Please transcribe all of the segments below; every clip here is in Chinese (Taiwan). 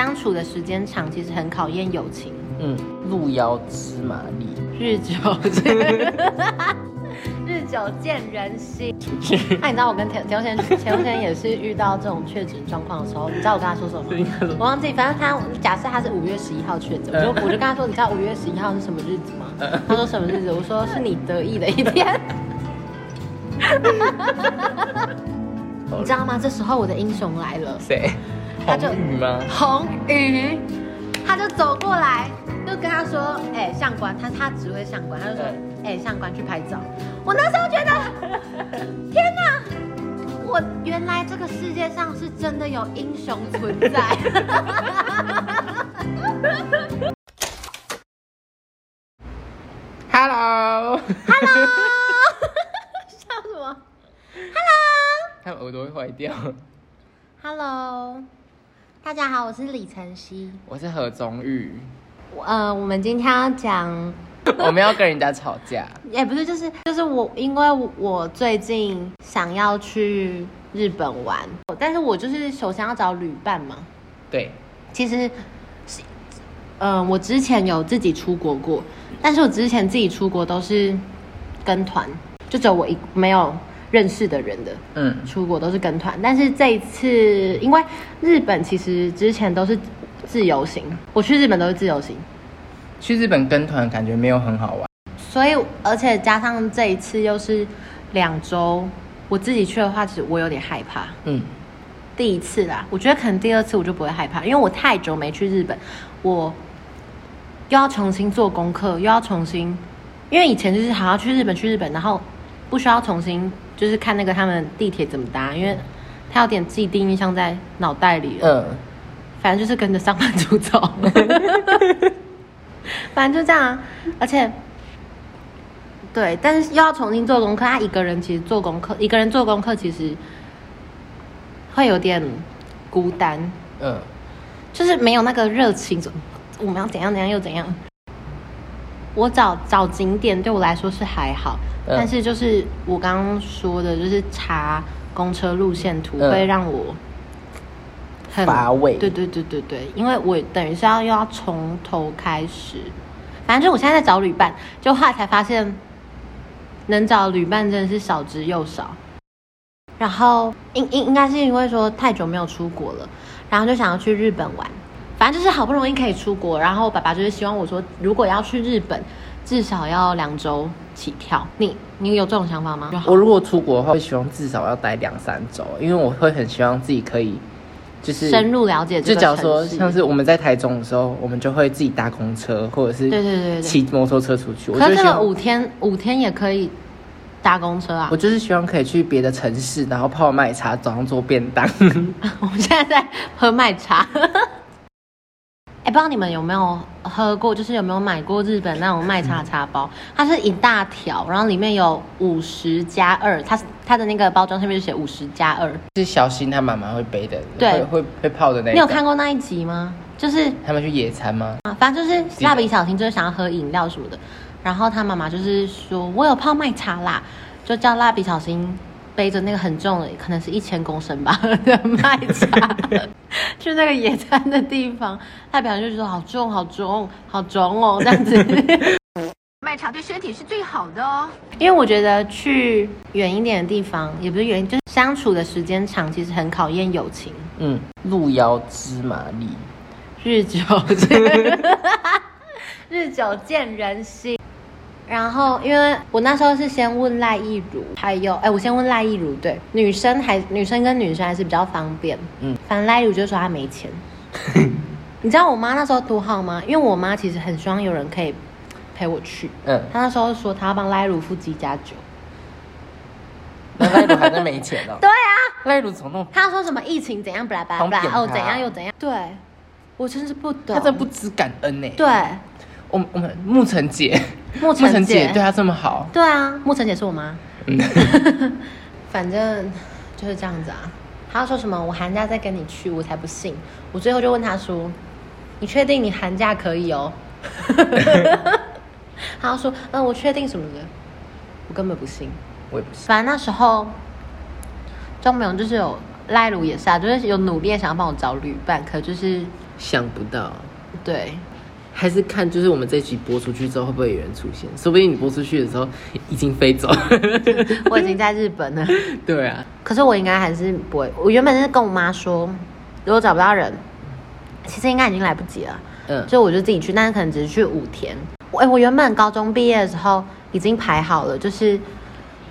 .相處的時間長，其實很考驗友情。嗯，路遙知馬力，日久 日久見人心。那、 啊、你知道我跟田田先生、田先生也是遇到這種確診狀況的時候，你知道我跟他說什麼？ 我忘記，反正他假設他是五月十一號確診，我就我就跟他說：“你知道五月十一號是什麼日子嗎？” 他說什麼日子？我說：“是你得意的一天。 ” 你知道嗎？這時候我的英雄來了。誰？他就紅雨嗎？嗯、紅雨、嗯，他就走過來，就跟他說：“哎、欸，相官，他他只會相官。”他就說：“哎、嗯欸，相官去拍照。”我那時候覺得，天哪！我原來這個世界上是真的有英雄存在。 Hello。Hello。 笑什麼？Hello。他們耳朵會壞掉。Hello。大家好，我是李晨曦，我是何宗玉。呃，我們今天要講， 我們要跟人家吵架，也、欸、不是，就是就是我，因為我最近想要去日本玩，但是我就是首先要找旅伴嘛。對，其實是，嗯、呃，我之前有自己出國過，但是我之前自己出國都是跟團，就只有我一沒有。認識的人的。嗯，出國都是跟團，但是這一次，因為日本其實之前都是自由行，我去日本都是自由行，去日本跟團感覺沒有很好玩，所以而且加上這一次又是兩周，我自己去的話，其實我有點害怕，嗯，第一次啦，我覺得可能第二次我就不會害怕，因為我太久沒去日本，我又要重新做功課，又要重新，因為以前就是好像去日本去日本，然後不需要重新。就是看那個他們地鐵怎麼搭，因為他有點自己定印象在腦袋裡。嗯，反正就是跟着上班族走。 反正就這樣啊，而且，對，但是又要重新做功課。他一個人其實做功課，一個人做功課其實會有點孤單。嗯， 就是沒有那個熱情。我們要怎樣怎樣又怎樣。我找找景點對我來說是還好，嗯、但是就是我剛剛說的，就是查公車路線圖會讓我很乏味。對對對對對，因為我等於是要又要從頭開始。反正就我現在在找旅伴，就後來才發現能找的旅伴真的是少之又少。然後應應應該是因為說太久沒有出國了，然後就想要去日本玩。反正就是好不容易可以出國，然後爸爸就是希望我說，如果要去日本，至少要兩周起跳。你，你有這種想法嗎？我如果出國的話，會希望至少要待兩三周，因為我會很希望自己可以就是深入了解。就假如說像是我們在台中的時候，我們就會自己搭公車或者是對對對騎摩托車出去。可是五天五天也可以搭公車啊！我就是希望可以去別的城市，然後泡麥茶，早上做便當。 我現在在喝麥茶。 不知道你們有沒有喝過，就是有沒有買過日本那種麥茶茶包，它是一大條，然後裡面有五十加二，它它的那個包裝上面就寫五十加二。是小新他媽媽會背的，對，會會，會泡的那個。你有看過那一集嗎？就是他們去野餐嗎？啊，反正就是蠟筆小新就是想要喝飲料什麼的，然後他媽媽就是說我有泡麥茶啦，就叫蠟筆小新背着那個很重的，可能是一千公升吧的麥茶， 去那個野餐的地方，代表就是說好重，好重，好重哦這樣子。麥 茶對身體是最好的哦，因為我覺得去遠一點的地方，也不是遠，就是相處的時間長，其實很考驗友情。嗯，路遙知馬力，日久 日久見人心。然後，因為我那時候是先問賴藝如，還有，哎，我先問賴藝如。對，女生還女生跟女生還是比較方便。嗯，反正賴藝如就說她沒錢。 你知道我媽那時候多好嗎？因為我媽其實很希望有人可以陪我去。嗯。她那時候說她要幫賴如付機加酒。嗯、那賴如、嗯、 還在沒錢哦。 對啊。賴如怎麼弄。她說什麼疫情怎樣 blah blah blah？叭叭叭。狂點他。哦，怎樣又怎樣？對。我真是不懂。她真的不知感恩呢、欸。對。我我們沐城姐，沐城姐，姐對她這麼好，對啊，木城姐是我媽， 反正就是這樣子啊。她要說什麼？我寒假再跟你去，我才不信。我最後就問她說：“你確定你寒假可以哦？”她 要說：“嗯、呃，我確定什麼的？”我根本不信，我也不信。反正那時候，張明就是有賴魯也是啊，就是有努力想要幫我找旅伴，可就是想不到，對。還是看，就是我們這一集播出去之後，會不會有人出現？說不定你播出去的時候已經飛走。 我已經在日本了。對啊。可是我應該還是不會。我原本是跟我媽說，如果找不到人，其實應該已經來不及了。嗯。所以我就自己去，但是可能只是去五天。哎，我原本高中畢業的時候已經排好了，就是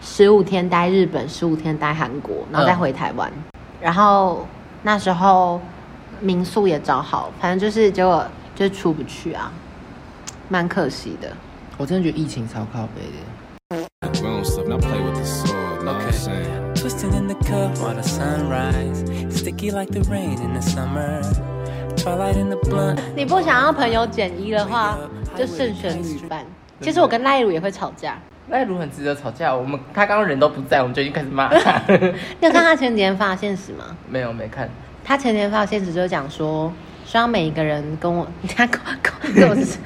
十五天待日本，十五天待韓國，然後再回台灣。然後那時候民宿也找好，反正就是結果。就出不去啊，蠻可惜的。我真的覺得疫情超靠北的。你不想讓朋友減一的話，就慎選旅伴。其實我跟賴如也會吵架，賴如很值得吵架。我們他剛剛人都不在，我們就已經開始罵他。 你有看他前幾天的發現實嗎？沒有，沒看。他前幾天的發現實就是講說。希望每一個人跟我，他跟我跟我，跟我跟我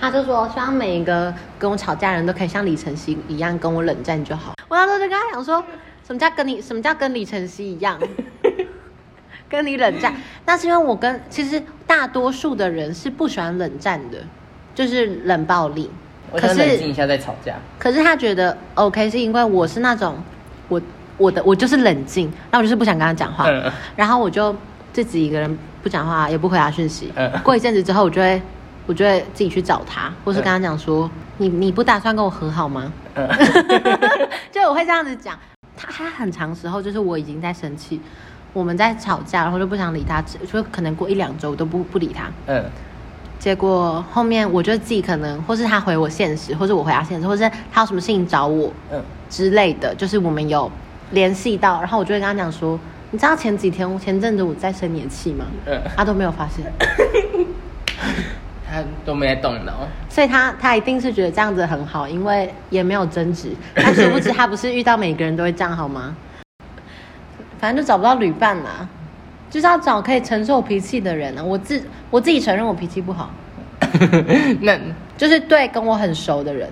他就說，希望每一個跟我吵架的人都可以像李晨曦一樣跟我冷戰就好。我那時候就跟他講說，什麼叫跟你，什麼叫跟李晨曦一樣， 跟你冷戰？那是因為我跟其實大多數的人是不喜歡冷戰的，就是冷暴力。可是，我想冷靜一下再吵架。可是他覺得 OK，、哦、是因為我是那種我我的我就是冷靜，那我就是不想跟他講話， 然後我就自己一個人。不講話也不回他訊息，嗯，過一陣子之後，我就會，我就會自己去找他，或是跟他講說，嗯、你你不打算跟我和好嗎？嗯、 就我會這樣子講，他他很長時候就是我已經在生氣，我們在吵架，然後就不想理他，就可能過一兩周我都不不理他、嗯。結果後面我覺得自己可能，或是他回我現實，或是我回他現實，或是他有什麼事情找我，嗯、之類的，就是我們有聯繫到，然後我就會跟他講說。你知道前幾天前陣子我在生你的氣嗎？他都沒有發現， 他都沒動腦，所以他他一定是覺得這樣子很好，因為也沒有爭執。他殊不知他不是遇到每個人都會這樣好嗎？反正就找不到旅伴嘛，就是要找可以承受我脾氣的人，啊、我自我自己承認我脾氣不好， 那就是對跟我很熟的人，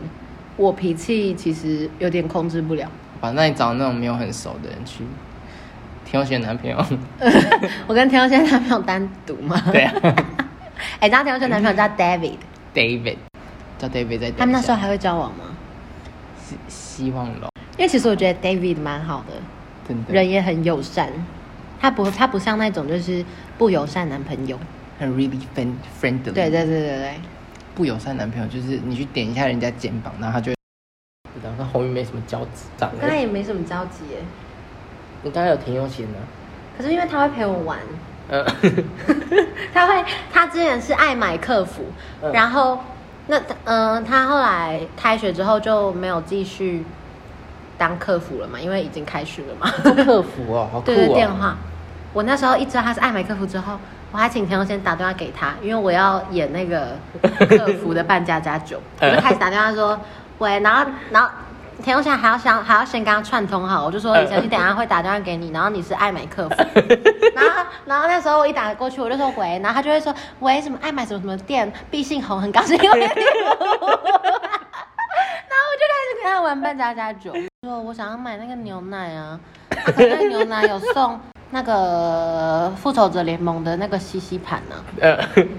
我脾氣其實有點控制不了。反正你找那種沒有很熟的人去，挑選男朋友， 我跟挑選男朋友單獨嗎？對啊，哎 、欸，咱田浩軒男朋友叫 David。David，叫 David，在他們那時候還會交往嗎？希希望咯，因為其實我覺得 David 蠻好的，真的。人也很友善，他不他不像那種就是不友善男朋友。很 really friend friendly。對對對，對，對，對不友善男朋友就是你去點一下人家肩膀，那他就，然知道，那紅雲沒什麼交集，長。跟他也沒什麼交集耶。你剛才有田永賢呢，啊，可是因為他會陪我玩，嗯 ，他會，他之前是愛買客服，嗯、然後那嗯、呃，他後來開學之後就沒有繼續當客服了嘛，因為已經開學了嘛，做客服哦，好酷啊，打電話，嗯、我那時候一知道他是愛買客服之後，我還請田永賢打電話給他，因為我要演那個客服的扮家家酒，他、嗯、開始打電話說、嗯、喂，然後然後。田雄璇還要先還要先跟他串通好，我就說田雄璇等一下會打電話給你，然後你是愛買客服，然後然後那時候我一打過去我就說喂，然後他就會說喂，什麼愛買什麼什麼店，敝姓洪，很高興 然後我就開始跟他玩扮家家酒，說我想要買那個牛奶啊，啊那個牛奶有送那個復仇者聯盟的那個吸吸盤呢。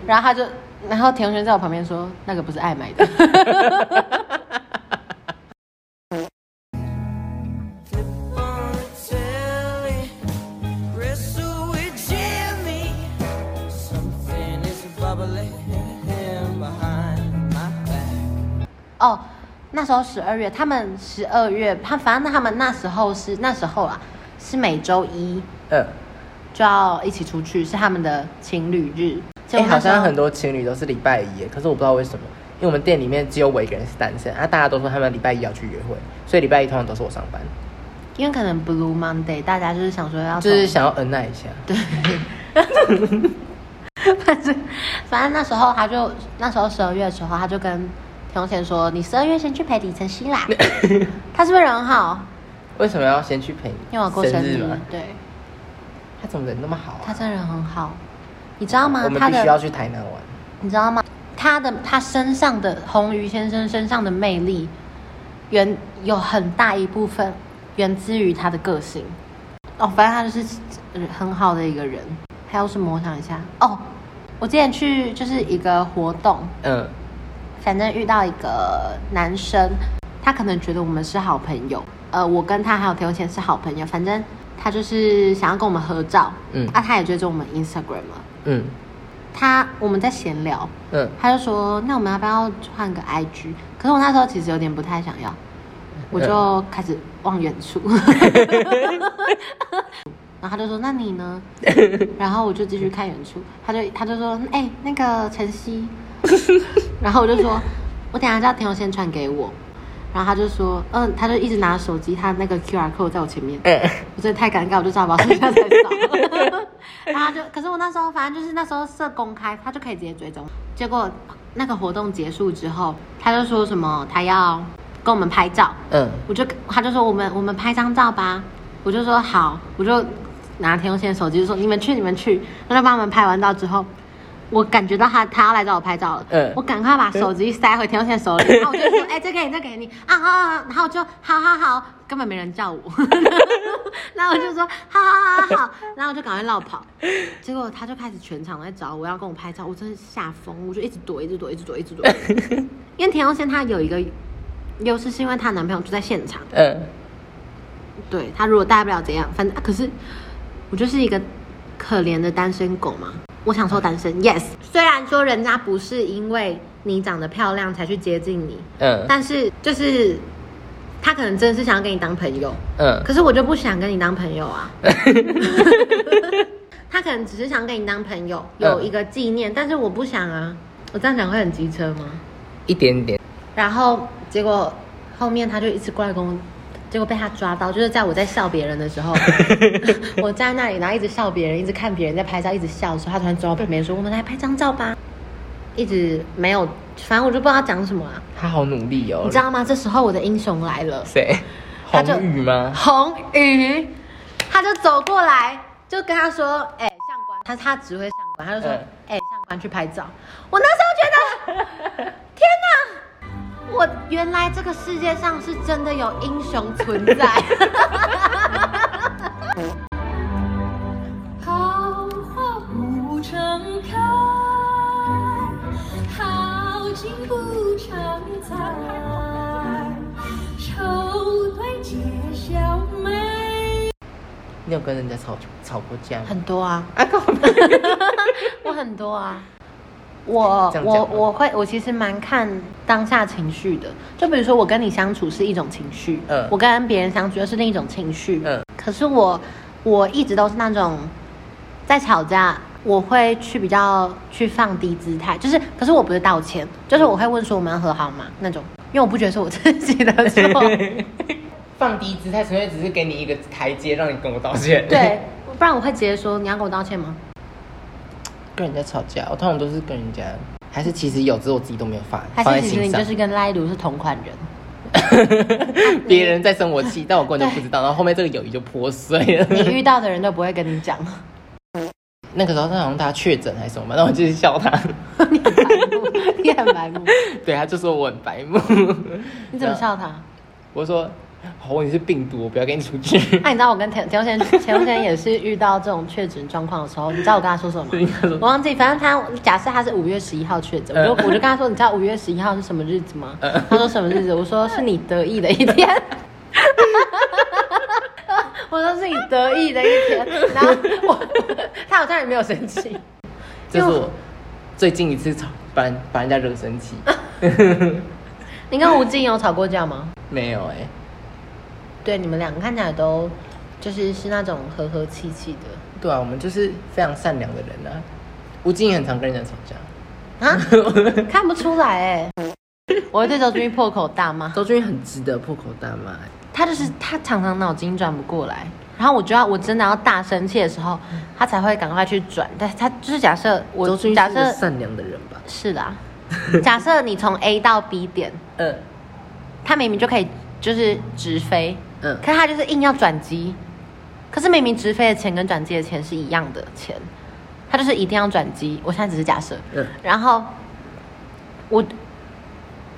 然後他就，然後田雄軒在我旁邊說那個不是愛買的。 哦，那時候十二月，他們十二月，他反正他們那時候是那時候啊，是每周一，呃、嗯，就要一起出去，是他們的情侶日。哎、欸，好像很多情侶都是禮拜一，可是我不知道為什麼，因為我們店裡面只有我一個人是單身，啊，大家都說他們禮拜一要去約會，所以禮拜一通常都是我上班。因為可能 Blue Monday，大家就是想說要，就是想要恩愛一下。對， 反正反正那時候他就那時候十二月的時候，他就跟。從前說：“你十二月先去陪李晨曦啦， 他是不是人很好？為什麼要先去陪？因為我過生日了。對，他怎麼人那麼好啊？他真的人很好，你知道嗎？他們要去台南玩。你知道嗎？他的他身上的紅魚先生身上的魅力，原有很大一部分源自於他的個性。哦，反正他就是很好的一個人。還有什麼？我想一下。哦，我之前去就是一個活動，嗯。”反正遇到一個男生，他可能覺得我們是好朋友，呃，我跟他還有田有謙是好朋友。反正他就是想要跟我們合照，嗯，啊、他也追蹤我們 Instagram 了，嗯，他我們在閒聊，嗯，他就說，那我們要不要換個 IG？可是我那時候其實有點不太想要，我就開始望遠處，嗯、 然後他就說，那你呢？然後我就繼續看遠處，他就他就說，哎、欸，那個晨曦。 然後我就說，我等下叫田永先傳給我。然後他就說，嗯，他就一直拿手機，他那個 QR code 在我前面。我真的太尷尬，我就找不到手機在找、欸。然後就，可是我那時候反正就是那時候設公開，他就可以直接追蹤。結果那個活動結束之後，他就說什麼他要跟我們拍照。嗯，我就他就說我們我們拍張照吧。我就說好，我就拿田永先手機就說你們去你們去，他就幫我們拍完照之後。我感覺到他，他要來找我拍照了。嗯、呃，我趕快把手機一塞回田浩軒手裡，嗯，然後我就說：“哎、欸，這給、個這個、你，這給你啊啊！”然後我就“好，好，好”，根本沒人叫我。哈哈哈哈哈。然後我就說：“好，好，好，好。”然後我就趕快落跑，結果他就開始全場在找我要跟我拍照，我真是嚇瘋，我就一直躲，一直躲，一直躲，一直躲。嗯、因為田浩軒他有一個優勢，是因為他男朋友住在現場。嗯，對他如果大不了怎樣，反正、啊、可是我就是一個可憐的單身狗嘛。我享受單身、okay，yes。雖然說人家不是因為你長得漂亮才去接近你，嗯、uh，但是就是他可能真的是想跟你當朋友，嗯、uh，可是我就不想跟你當朋友啊。 他可能只是想跟你當朋友，有一個紀念，uh, 但是我不想啊。我這樣講會很機車嗎？一點點。然後結果後面他就一直怪我。結果被他抓到，就是在我在笑別人的時候， 我站在那裡，然後一直笑別人，一直看別人在拍照，一直笑的時候，他突然走到旁人說、嗯：“我們來拍張照吧。”一直沒有，反正我就不知道他講什麼了、啊。他好努力哦，你知道嗎？這時候我的英雄來了，誰？紅雨嗎？洪雨、嗯。他就走過來，就跟他說：“哎、欸，上官，他他指揮上官，他就說：哎、嗯，上、欸、官去拍照。”我那時候覺得，天哪！我原來，這個世界上是真的有英雄存在。。 好花不常開，好景不常在。愁堆解笑眉。你有跟人家吵吵過架？很多啊，阿哥，我很多啊。我我我會我其實蠻看當下情緒的，就比如說我跟你相處是一種情緒，嗯，我跟別人相處又是另一種情緒，嗯。可是我我一直都是那種在吵架，我會去比較去放低姿態，就是可是我不是道歉，就是我會問說我們要和好嗎那種，因為我不覺得是我自己的錯。 放低姿態純粹只是給你一個台階，讓你跟我道歉。對，不然我會直接說你要跟我道歉嗎？人家吵架，我通常都是跟人家，還是其實有，只是我自己都沒有發現他放在心裡，就是跟賴盧是同款人，別 人在生我氣、啊，但我根本就不知道。然後後面這個友誼就破碎了。你遇到的人都不會跟你講。 那個時候他好像他確診還是什麼，然後我就是笑他。你很白目，你很白目。對，他就說我很白目。你怎麼笑他？我說。我、哦、你是病毒，我不要跟你出去。那、啊、你知道我跟田田先生、田先生也是遇到這種確診狀況的時候，你知道我跟他說什麼嗎？我忘記，反正他假設他是五月十一號確診、呃，我就我就跟他說，你知道五月十一號是什麼日子嗎、呃？他說什麼日子？我說是你得意的一天。 我說是你得意的一天。然後我他好像也沒有生氣。這、就是我最近一次吵，把把人家惹生氣。啊、 你跟吳京有吵過架嗎？沒有哎、欸。對，你們兩個看起來都，就是是那種和和氣氣的。對啊，我們就是非常善良的人啊。吳靜也很常跟人家吵架。啊？ 看不出來哎、欸。我會對周軍破口大罵。周軍很值得破口大罵、欸。他就是他常常腦筋轉不過來。然後我就要我真的要大生氣的時候，他才會趕快去轉。但他就是假設我，周軍是個善良的人吧？是的。 假設你從 A 到 B 點，嗯、呃，他明明就可以就是直飛。嗯，可是他就是硬要轉機，可是明明直飛的錢跟轉機的錢是一樣的錢，他就是一定要轉機。我現在只是假設，嗯，然後我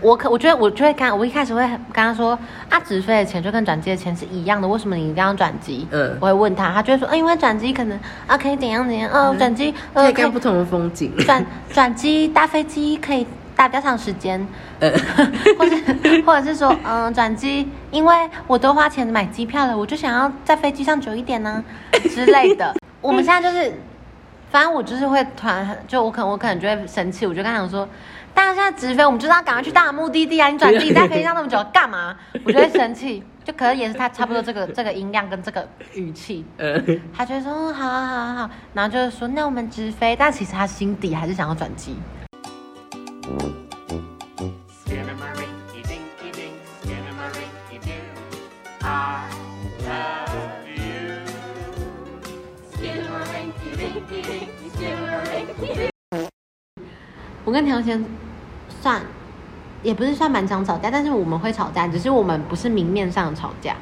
我可我覺得我就會剛我一開始會跟他說，啊，直飛的錢就跟轉機的錢是一樣的，為什麼你一定要轉機？嗯，我會問他，他就會說，啊、呃，因為轉機可能啊可以怎樣怎樣，嗯、哦，轉機、嗯啊、可以看不同的風景，轉轉機搭飛機可以。大比較長時間，呃或，或者或者是說，嗯，轉機，因為我都花錢買機票了，我就想要在飛機上久一點呢、啊，之類的。我們現在就是，反正我就是會團，就我可能我可能就會生氣，我就跟他講說，但是現在直飛，我們就是要趕快去到目的地啊，你轉機在飛機上那麼久幹嘛？我就會生氣，就可能也是他差不多這個這個音量跟這個語氣，呃，他就說好、哦，好，好，好，好，然後就是說那我們直飛，但其實他心底還是想要轉機。我跟田浩軒，算也不是算蠻常吵架，但是我們會吵架，只是我們不是明面上吵架。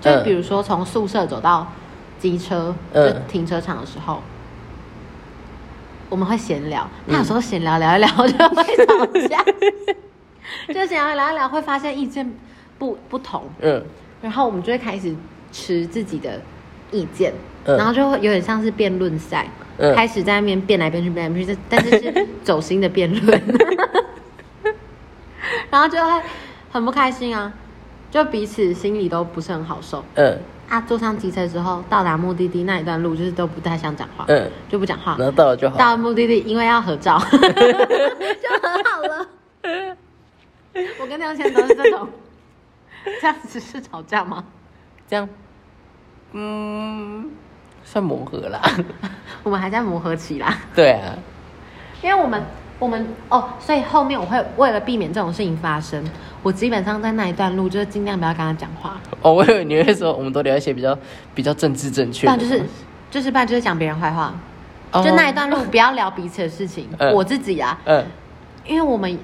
就是，比如說從宿舍走到機車就停車場的時候。我們會閒聊，那有時候閒聊聊一聊就會吵架，嗯、就閒聊聊一聊會發現意見不不同，嗯，然後我們就會開始持自己的意見，嗯、然後就會有點像是辯論賽、嗯，開始在那邊辯來辯去，辯來辯去，但是是走心的辯論，嗯、 然後就會很不開心啊，就彼此心裡都不是很好受，嗯。他、啊、坐上機車之後，到達目的地那一段路，就是都不太想講話，嗯，就不講話。那到了就好。到了目的地，因為要合照， 就很好了。 我跟梁倩都是這種， 這樣子是吵架嗎？這樣，嗯，算磨合啦。 我們還在磨合期啦。對啊，因為我們。我們哦，所以後面我會為了避免這種事情發生，我基本上在那一段路就是盡量不要跟他講話。哦，我以為你會說，我們都聊一些比較比較政治正確，但就是就是不然就是講別、就是、人壞話、哦，就那一段路不要聊彼此的事情。呃、我自己啊，嗯、呃，因為我們。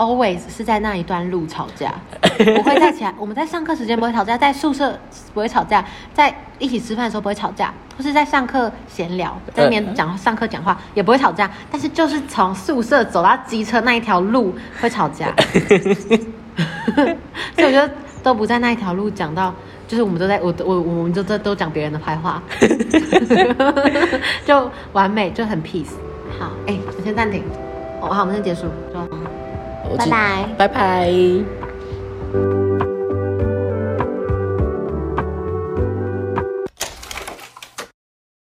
always 是在那一段路吵架，我會在起來。我們在上課時間不會吵架，在宿舍不會吵架，在一起吃飯的時候不會吵架，或是在上課閒聊，在那邊講上課講話也不會吵架。但是就是從宿舍走到機車那一條路會吵架， 所以我覺得都不在那一條路講到，就是我們都在我我我們就都在都講別人的壞話， 就完美，就很 peace。好，哎、欸，我先暫停、哦，好，我們先結束，就拜拜，拜拜。